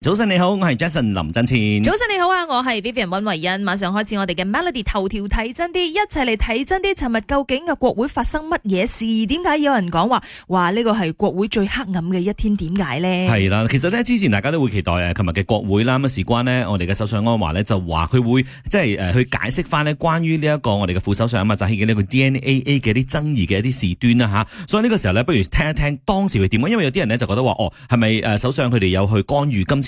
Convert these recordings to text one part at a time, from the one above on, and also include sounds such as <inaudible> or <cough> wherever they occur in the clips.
早晨你好，我係 Jason 林振倩。早晨你好啊，我係 Vivian 尹維恩。馬上開始我哋嘅 Melody 頭條睇真啲，一齊嚟睇真啲。尋日究竟嘅國會發生乜嘢事？點解有人講話話呢個係國會最黑暗嘅一天？點解咧？係啦，其實咧之前大家都會期待誒，尋日嘅國會啦，咁事關咧我哋嘅首相安華咧就話佢會即係誒去解釋翻咧，關於呢一個我哋嘅副首相啊嘛，就係、是、呢個 DNAA 嘅一啲爭議嘅一啲事端啦吓、啊。所以呢個時候咧，不如聽一聽當時會點，因為有啲人咧就覺得話哦，係咪誒首相佢哋有去干預今？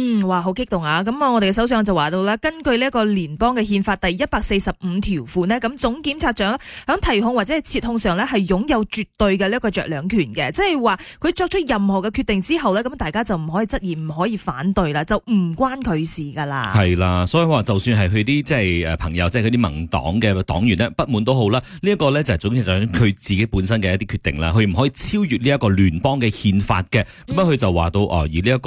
嗯，哇，好激動啊！咁啊，我哋嘅首相就話到啦。根據呢一個聯邦嘅憲法第一百四十五條款呢，咁總檢察長喺提控或者係撤控上呢，係擁有絕對嘅呢一個酌量權嘅，即係話佢作出任何嘅決定之後呢，咁大家就唔可以質疑，唔可以反對啦，就唔關佢事噶啦。係啦，所以話就算係佢啲即係誒朋友，即係佢啲盟黨嘅黨員呢，不滿都好啦，呢一個呢，就係總檢察長佢自己本身嘅一啲決定啦，佢唔可以超越呢一個聯邦嘅憲法嘅，咁佢就話到哦，而呢一個誒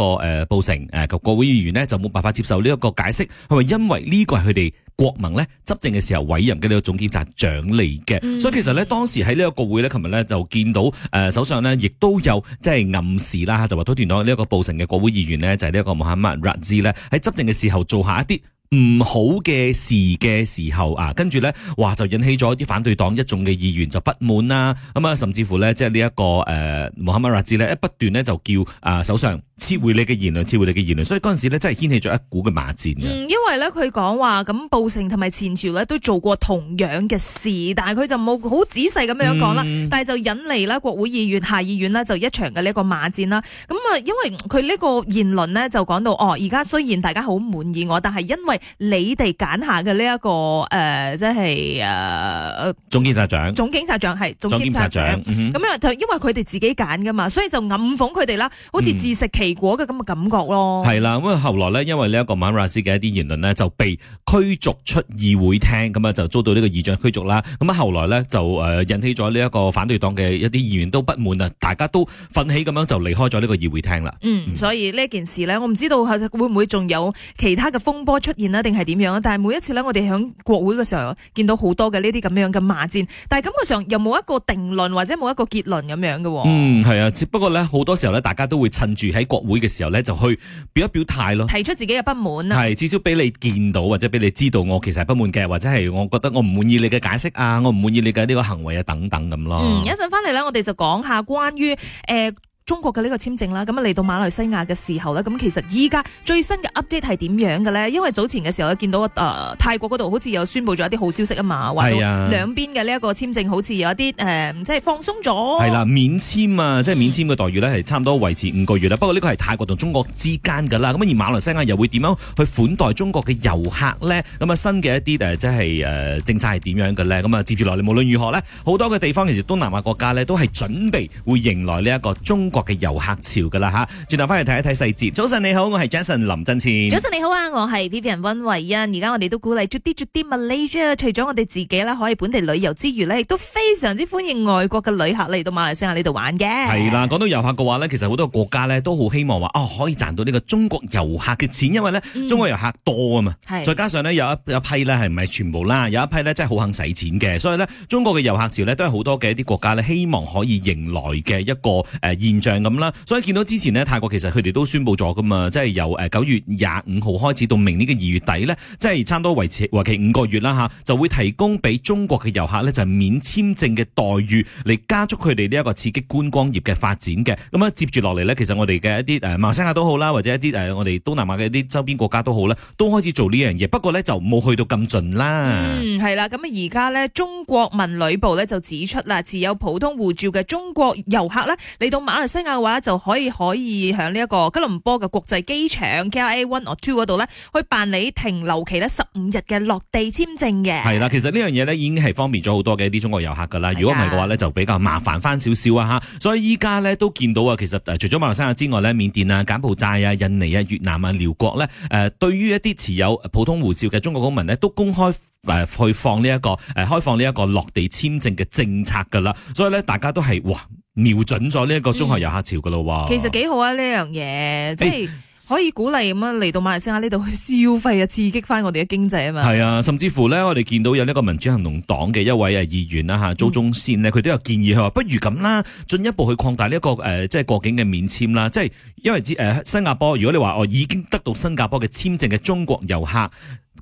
報、呃、成誒。呃國會議員咧，就冇辦法接受呢一個解釋，係咪因為呢個係佢哋國盟咧執政嘅時候委任嘅呢個總檢察長嚟嘅？所以其實咧當時喺呢一個國會咧，琴日咧就見到誒，首相咧亦都有即係暗示啦，就話推斷到呢一個布城嘅國會議員咧，就係呢一個穆罕默德茲咧喺執政嘅時候做下一啲。唔好嘅事嘅時候啊，跟住咧，哇就引起咗啲反對黨一眾嘅議員就不滿啦，咁啊，甚至乎咧、這個，即係呢一個誒穆罕默德治咧，一不斷咧就叫啊首相撤回你嘅言論，撤回你嘅言論，所以嗰陣時呢真係掀起咗一股嘅罵戰啊！嗯，因為呢，佢講話咁布城同埋前朝呢都做過同樣嘅事，但係佢就冇好仔細咁樣講啦，嗯、但係就引嚟啦國會議員、下議院呢，就一場嘅呢一個罵戰啦。咁啊，因為佢呢個言論呢，就講到哦，而家雖然大家好滿意我，但係因為你哋揀下嘅呢一個誒、呃，即係誒，呃、總檢察長，總警察長係總檢察長，咁樣、嗯、哼因為佢哋自己揀噶嘛，所以就暗諷佢哋啦，好似自食其果嘅咁嘅感覺咯。係啦、嗯，咁後來呢因為呢一個馬哈斯嘅一啲言論呢，就被驅逐出議會廳，咁啊，就遭到呢個議長驅逐啦。咁啊，後來呢就誒引起咗呢一個反對黨嘅一啲議員都不滿啊，大家都奮起咁樣就離開咗呢個議會廳啦。嗯，嗯所以呢件事呢，我唔知道會唔會仲有其他嘅風波出現。定係點樣啊？但係每一次咧，我哋響國會嘅時候見到好多嘅呢啲咁樣嘅罵戰，但係感覺上又冇一個定論或者冇一個結論咁樣嘅。嗯，係啊，只不過咧好多時候咧，大家都會趁住喺國會嘅時候咧，就去表一表態咯，提出自己嘅不滿。係至少俾你見到或者俾你知道，我其實係不滿嘅，或者係我覺得我唔滿意你嘅解釋啊，我唔滿意你嘅呢個行為啊等等咁咯。一陣翻嚟，咧，我哋就講下關於誒。呃中國嘅呢個簽證啦，咁啊，嚟到馬來西亞嘅時候呢，咁其實依家最新嘅 update 係點樣嘅呢？因為早前嘅時候，見到誒、呃、泰國嗰度好似有宣布咗一啲好消息啊嘛，話到兩邊嘅呢一個簽證好似有一啲誒、呃，即係放鬆咗。係啦，免簽啊，嗯、即係免簽嘅待遇呢係差唔多維持五個月啦。不過呢個係泰國同中國之間噶啦，咁而馬來西亞又會點樣去款待中國嘅遊客呢？咁啊新嘅一啲誒，即係誒、呃、政策係點樣嘅呢？咁啊接住落嚟，無論如何呢，好多嘅地方其實東南亞國家呢都係準備會迎來呢一個中。國嘅遊客潮噶啦吓，轉頭翻去睇一睇細節。早晨你好，我係 Jason 林振前。早晨你好啊，我係 Vivian 溫慧恩。而家我哋都鼓勵做啲做啲物事啫。除咗我哋自己啦，可以本地旅遊之餘咧，亦都非常之歡迎外國嘅旅客嚟到馬來西亞呢度玩嘅。係啦，講到遊客嘅話咧，其實好多國家咧都好希望話啊，可以賺到呢個中國遊客嘅錢，因為咧中國遊客多啊嘛。係，再加上咧有一一批咧係唔係全部啦，有一批咧真係好肯使錢嘅，所以咧中國嘅遊客潮咧都係好多嘅一啲國家咧希望可以迎來嘅一個誒現。像咁啦，所以見到之前呢，泰國其實佢哋都宣布咗噶嘛，即係由九月廿五號開始到明年嘅二月底呢，即係差唔多維持為期五個月啦嚇、啊，就會提供俾中國嘅遊客呢，就係、免簽證嘅待遇嚟加速佢哋呢一個刺激觀光業嘅發展嘅。咁接住落嚟呢，其實我哋嘅一啲誒馬來西亞都好啦，或者一啲我哋東南亞嘅一啲周邊國家都好啦，都開始做呢樣嘢。不過呢，就冇去到咁盡啦。嗯，係啦。咁啊而家呢，中國文旅部呢，就指出啦，持有普通護照嘅中國遊客呢，嚟到馬西亞嘅話，就可以可以喺呢一個吉隆坡嘅國際機場 KLIA One or Two 嗰度咧去辦理停留期呢十五日嘅落地簽證嘅。係啦，其實呢樣嘢呢已經係方便咗好多嘅一啲中國遊客噶啦。如果唔係嘅話呢，就比較麻煩翻少少啊吓。嗯、所以依家呢都見到啊，其實除咗馬來西亞之外呢，緬甸啊、柬埔寨啊、印尼啊、越南啊、寮國呢，誒，對於一啲持有普通護照嘅中國公民呢，都公開誒去放呢、這、一個誒開放呢一個落地簽證嘅政策噶啦。所以呢，大家都係哇。瞄準咗呢一個中學遊客潮噶啦，嗯，其實幾好啊呢樣嘢，即係可以鼓勵咁樣嚟到馬來西亞呢度去消費啊，刺激翻我哋嘅經濟啊嘛。係啊，甚至乎咧，我哋見到有呢個民主行動黨嘅一位誒議員啦吓，周、嗯、宗善呢，佢都有建議佢話，不如咁啦，進一步去擴大呢、這、一個誒、呃，即係過境嘅免簽啦，即係因為誒、呃、新加坡，如果你話我已經得到新加坡嘅簽證嘅中國遊客。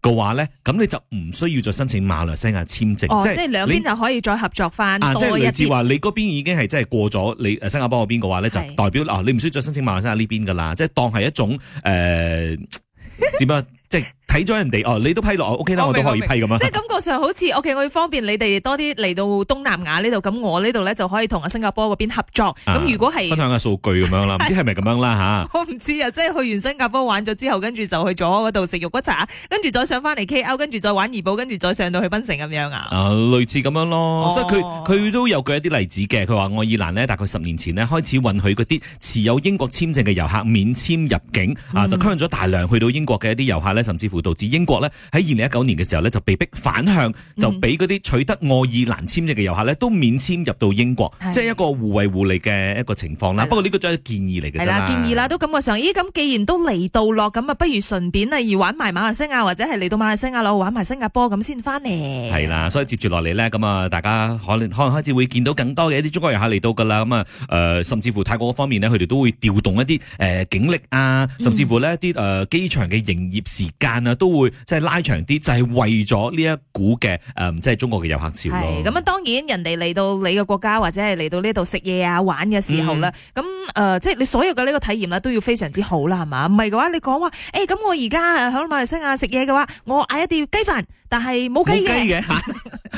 嘅話咧，咁你就唔需要再申請馬來西亞簽證，哦、即係兩邊就可以再合作翻。即係我意思話你嗰邊已經係即係過咗你誒新加坡嗰邊嘅話咧，就代表啊是、哦、你唔需要再申請馬來西亞呢邊噶啦，即係當係一種誒點、呃、樣 <laughs> 即係。睇咗人哋哦，你都批落，O K 啦，我都可以批咁樣。即係感覺上好似 O K，我要方便你哋多啲嚟到東南亞呢度，咁我呢度咧就可以同啊新加坡嗰邊合作。咁如果係分享下數據咁樣啦，唔知係咪咁樣啦吓。我唔知啊，即係去完新加坡玩咗之後，跟住就去咗嗰度食肉骨茶，跟住再上翻嚟 K L，跟住再玩怡保，跟住再上到去檳城咁樣啊。啊，類似咁樣咯，所以佢佢都有舉一啲例子嘅。佢話愛爾蘭呢，大概十年前呢，開始允許嗰啲持有英國簽證嘅遊客免簽入境啊，就吸引咗大量去到英國嘅一啲遊客呢，甚至乎。導致英國呢，喺二零一九年嘅時候呢，就被迫反向，就俾嗰啲取得愛爾蘭簽證嘅遊客呢都免簽入到英國，即係、嗯、一個互惠互利嘅一個情況啦。的不過呢個只係建議嚟嘅係啦，建議啦，都感覺上，咦，咁既然都嚟到落，咁啊，不如順便啊，而玩埋馬來西亞或者係嚟到馬來西亞咯，玩埋新加坡咁先翻嚟。係啦，所以接住落嚟呢，咁啊，大家可能可能開始會見到更多嘅一啲中國遊客嚟到㗎啦。咁、呃、啊，甚至乎泰國方面呢，佢哋都會調動一啲、呃、警力啊，甚至乎呢啲誒機場嘅營業時間、啊都會即係拉長啲，就係為咗呢一股嘅、誒，即係中國嘅遊客潮咯。咁啊，當然人哋嚟到你嘅國家或者係嚟到呢度食嘢啊、玩嘅時候啦，咁誒，即係你所有嘅呢個體驗啦，都要非常之好啦，係嘛？唔係嘅話，你講話誒，咁我而家喺馬來西亞食嘢嘅話，我嗌一碟雞飯，但係冇雞嘅。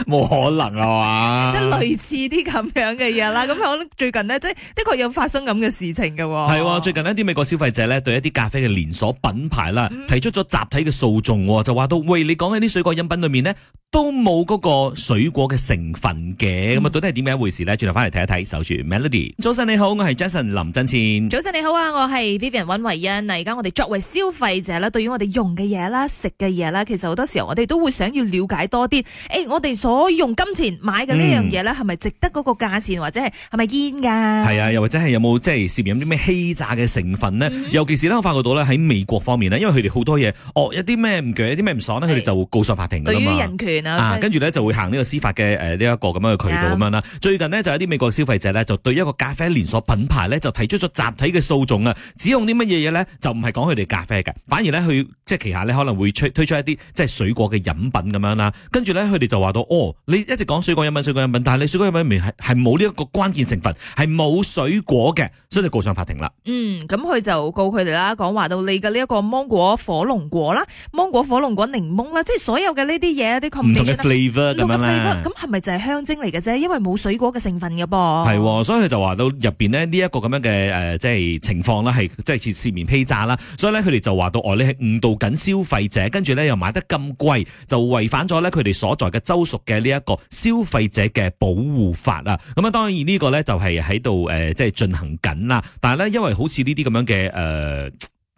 冇可能啊嘛！ <laughs> 即係類似啲咁樣嘅嘢啦。咁我 <laughs> 最近呢，即係的確有發生咁嘅事情嘅。係、哦，最近呢啲美國消費者呢，對一啲咖啡嘅連鎖品牌啦，提出咗集體嘅訴訟，就話到，喂，你講喺啲水果飲品裏面呢，都冇嗰個水果嘅成分嘅。咁啊、嗯，到底係點樣一回事呢？轉頭翻嚟睇一睇，守住 Melody。早晨你好，我係 Jason 林振千。早晨你好啊，我係 Vivian 溫慧欣。嗱，而家我哋作為消費者啦，對於我哋用嘅嘢啦、食嘅嘢啦，其實好多時候我哋都會想要了解多啲。誒、欸，我哋所我、哦、用金錢買嘅呢樣嘢咧，係咪值得嗰個價錢，嗯、或者係係咪煙㗎？係、就、啊、是，又或者係有冇即係涉嫌啲咩欺詐嘅成分呢？嗯、尤其是咧，我發覺到咧喺美國方面呢，因為佢哋好多嘢哦，一啲咩唔嘅，一啲咩唔爽咧，佢哋是就會告上法庭㗎啦嘛。對於人權啊，跟住咧就會行呢個司法嘅誒呢一個咁樣嘅渠道咁樣啦。的最近呢，就有啲美國消費者呢，就對一個咖啡連鎖品牌呢，就提出咗集體嘅訴訟啊，只用啲乜嘢嘢呢，就唔係講佢哋咖啡嘅，反而呢，佢即係旗下咧可能會推出一啲即係水果嘅飲品咁樣啦。跟住呢，佢哋就話到。哦，你一直講水果飲品、水果飲品，但係你水果飲品裡面係係冇呢一個關鍵成分，係冇水果嘅。所以就告上法庭啦。嗯，咁佢就告佢哋啦，講話到你嘅呢一個芒果火龍果啦，芒果火龍果檸檬啦，即係所有嘅呢啲嘢啲唔同嘅 flavor 咁啦。咁係咪就係香精嚟嘅啫？因為冇水果嘅成分嘅噃。係、哦，所以佢就話到入邊咧呢一、這個咁樣嘅誒、呃，即係情況啦，係即係似市民欺詐啦。所以咧佢哋就話到我哋係誤導緊消費者，跟住咧又買得咁貴，就違反咗咧佢哋所在嘅州屬嘅呢一個消費者嘅保護法啊。咁啊，當然呢個咧就係喺度誒，即係進行緊。嗱，但係咧，因為好似呢啲咁樣嘅誒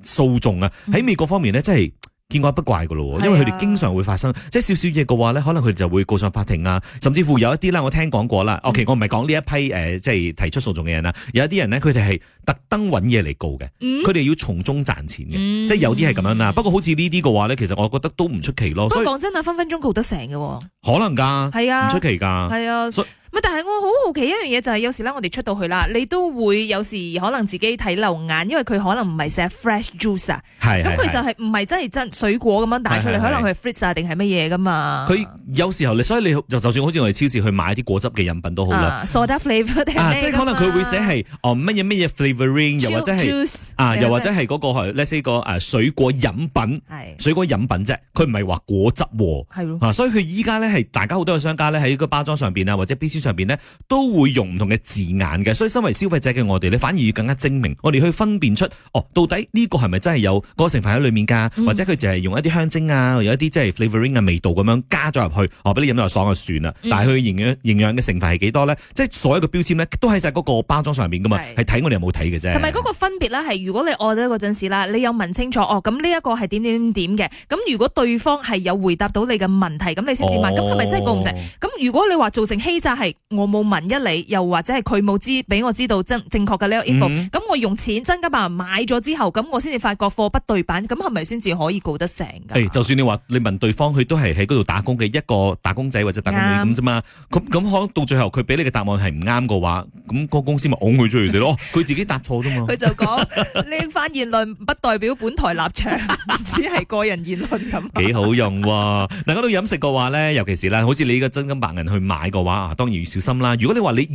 訴訟啊，喺、呃、美國方面咧，真係見怪不怪噶咯。嗯、因為佢哋經常會發生，是啊、即係少少嘢嘅話咧，可能佢哋就會告上法庭啊。甚至乎有一啲咧，我聽講過啦。嗯、OK，我唔係講呢一批誒、呃，即係提出訴訟嘅人啊。有一啲人咧，佢哋係特登揾嘢嚟告嘅，佢哋、嗯、要從中賺錢嘅，嗯、即係有啲係咁樣啦。不過好似呢啲嘅話咧，其實我覺得都唔出奇咯。說所以講真係，分分鐘告得成嘅，可能噶，係啊，唔出奇噶，係啊。所唔但係我好好奇一樣嘢，就係有時啦，我哋出到去啦，你都會有時可能自己睇漏眼，因為佢可能唔係寫 fresh juice 啊，係咁佢就係唔係真係真水果咁樣打出嚟，係係係可能係 freeze 啊定係乜嘢㗎嘛？佢有時候你，所以你就就算好似我哋超市去買啲果汁嘅飲品都好啦，soda flavour 啊，即係可能佢會寫係哦乜嘢乜嘢 flavouring 又或者係 Juice, 啊，又或者係嗰、嗰個係呢啲個水果飲品，的水果飲品啫，佢唔係話果汁喎的、啊，所以佢依家咧係大家好多嘅商家咧喺個包裝上邊啊或者必須。上邊咧，都會用唔同嘅字眼嘅，所以身為消費者嘅我哋，你反而要更加精明，我哋去分辨出哦，到底呢個係咪真係有個成分喺裏面噶、啊，嗯、或者佢就係用一啲香精啊，有一啲即係 flavoring 嘅、啊、味道咁樣加咗入去，哦，俾你飲咗又爽就算啦。嗯、但係佢營養營養嘅成分係幾多咧？即、就、係、是、所有嘅標籤咧，都喺晒嗰個包裝上邊噶嘛，係睇是我哋有冇睇嘅啫。同埋嗰個分別咧，係如果你愛得嗰陣時啦，你有問清楚，哦，咁呢一個係點點點嘅，咁如果對方係有回答到你嘅問題，咁你先至問，咁係咪真係共唔成？咁如果你話造成欺詐係。我冇問一你，又或者係佢冇知俾我知道真正確嘅呢個 info，咁、嗯、我用錢真金白銀買咗之後，咁我先至發覺貨不對版，咁係咪先至可以告得成？誒、欸，就算你話你問對方，佢都係喺嗰度打工嘅一個打工仔或者打工女咁啫嘛，咁咁可能到最後佢俾你嘅答案係唔啱嘅話，咁、個公司咪㧬佢出嚟咯，佢、 <laughs> 哦、自己答錯啫嘛。佢就講呢番言論不代表本台立場，只係個人言論咁。幾好用嗱，家都飲食嘅話咧，尤其是啦，好似你呢個真金白銀去買嘅話，當然。小心啦！如果你話你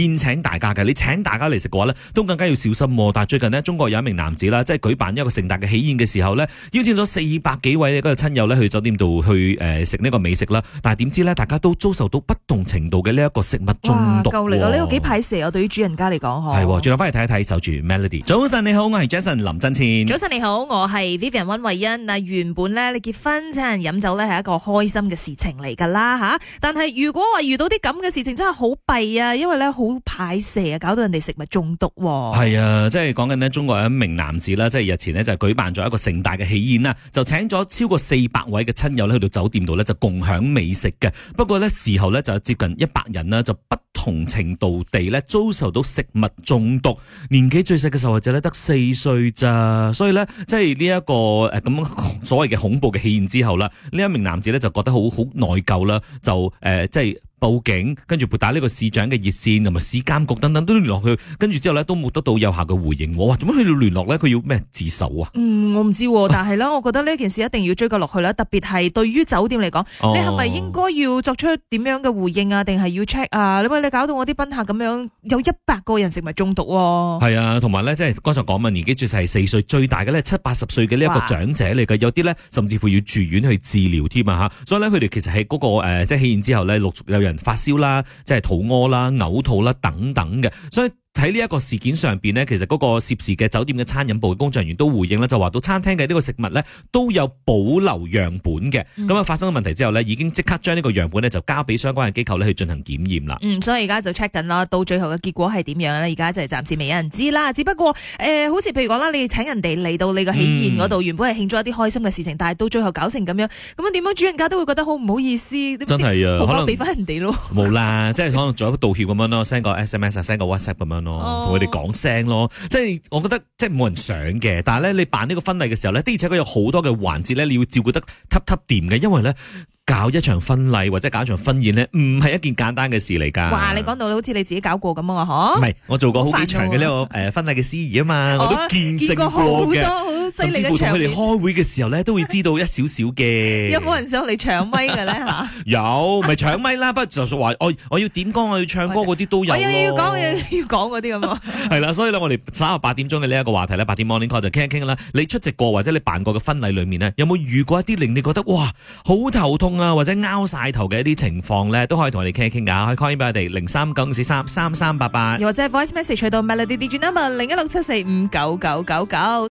宴請大家嘅，你請大家嚟食嘅話呢，都更加要小心。但係最近呢，中國有一名男子啦，即係舉辦一個盛大嘅喜宴嘅時候呢，邀請咗四百幾位嗰個親友呢去酒店度去誒食呢個美食啦。但係點知呢，大家都遭受到不同程度嘅呢一個食物中毒。哇！嚟呢個幾歹蛇，我對於主人家嚟講，嗬喎。轉頭翻嚟睇一睇，守住 Melody。早晨你好，我係 Jason 林振前。早晨你好，我係 Vivian 溫慧欣。啊，原本呢，你結婚請人飲酒呢，係一個開心嘅事情嚟噶啦吓，但係如果話遇到啲咁嘅事情，真係好弊啊！因為咧，好排蛇啊，搞到人哋食物中毒。係啊，即係講緊呢中國有一名男子啦，即係日前呢就舉辦咗一個盛大嘅喜宴啦，就請咗超過四百位嘅親友呢去到酒店度呢，就共享美食嘅。不過呢事後呢，就接近一百人啦，就不同程度地呢遭受到食物中毒。年紀最細嘅受害者呢得四歲咋，所以呢、這個，即係呢一個誒咁所謂嘅恐怖嘅喜宴之後啦，呢一名男子呢，就覺得好好內疚啦，就誒、呃、即係。報警，跟住撥打呢個市長嘅熱線，同埋市監局等等都聯絡佢，跟住之後呢，都冇得到有效嘅回應。我話做乜要聯絡呢？佢要咩自首啊？嗯、我唔知，但係呢， <laughs> 我覺得呢件事一定要追究落去啦。特別係對於酒店嚟講，你係咪應該要作出點樣嘅回應啊？定係要 check 啊？因為你搞到我啲賓客咁樣，有一百個人食物中毒。係啊，同埋、啊、呢，即係剛才講嘅年紀最細係四歲，最大嘅呢七八十歲嘅呢一個長者嚟嘅，哇有啲呢，甚至乎要住院去治療添啊！吓，所以咧佢哋其實喺嗰、嗰個誒即係起因之後呢，陸續有人。發燒啦，即係肚屙啦、嘔吐啦等等嘅，所以。喺呢一個事件上邊呢，其實嗰個涉事嘅酒店嘅餐飲部嘅工作人員都回應咧，就話到餐廳嘅呢個食物呢，都有保留樣本嘅。咁啊、嗯，發生問題之後呢，已經即刻將呢個樣本呢，就交俾相關嘅機構咧去進行檢驗啦。所以而家就 check 緊啦，到最後嘅結果係點樣咧？而家就暫時未有人知啦。只不過誒、呃，好似譬如講啦，你請人哋嚟到你個喜宴嗰度，嗯、原本係慶祝一啲開心嘅事情，但係到最後搞成咁樣，咁啊點樣，樣主人家都會覺得好唔好意思。真係是啊，吧可能俾翻人哋咯。冇啦，即係可能做一啲道歉咁樣咯，send 個 SMS，send 個 WhatsApp 咁樣。咯，同佢哋講聲咯，oh. 即係我覺得即係冇人想嘅，但係咧你辦呢個婚禮嘅時候咧，的而且確有好多嘅環節咧，你要照顧得粒粒掂嘅，因為咧。搞一場婚禮或者搞一場婚宴咧，唔係一件簡單嘅事嚟噶。哇！你講到好似你自己搞過咁啊，嗬不？唔係，我做過好幾場嘅呢個誒婚禮嘅司儀啊嘛，我，啊我都見證過好多好犀利嘅場。甚至乎同佢哋開會嘅時候咧，都會知道一少少嘅。 <laughs> 有冇人想嚟搶咪嘅咧？有 <laughs> 有，唔係咪搶咪啦！不 <laughs> 就屬話我我要點歌，我要唱歌嗰啲都有咯。我要講要講嗰啲咁係啦，所以我哋三啊八點鐘嘅呢一個話題咧，八點 Morning Call 就傾一傾啦。你出席過或者你辦過嘅婚禮裏面呢，有冇遇過一啲令你覺得哇好頭痛？或者拗曬頭嘅一啲情況咧，都可以同我哋傾一傾㗎，可以 call in 俾我哋零三九二三三三八八，或者 voice message 去到 Melody digital number 零一六七四五九九九九。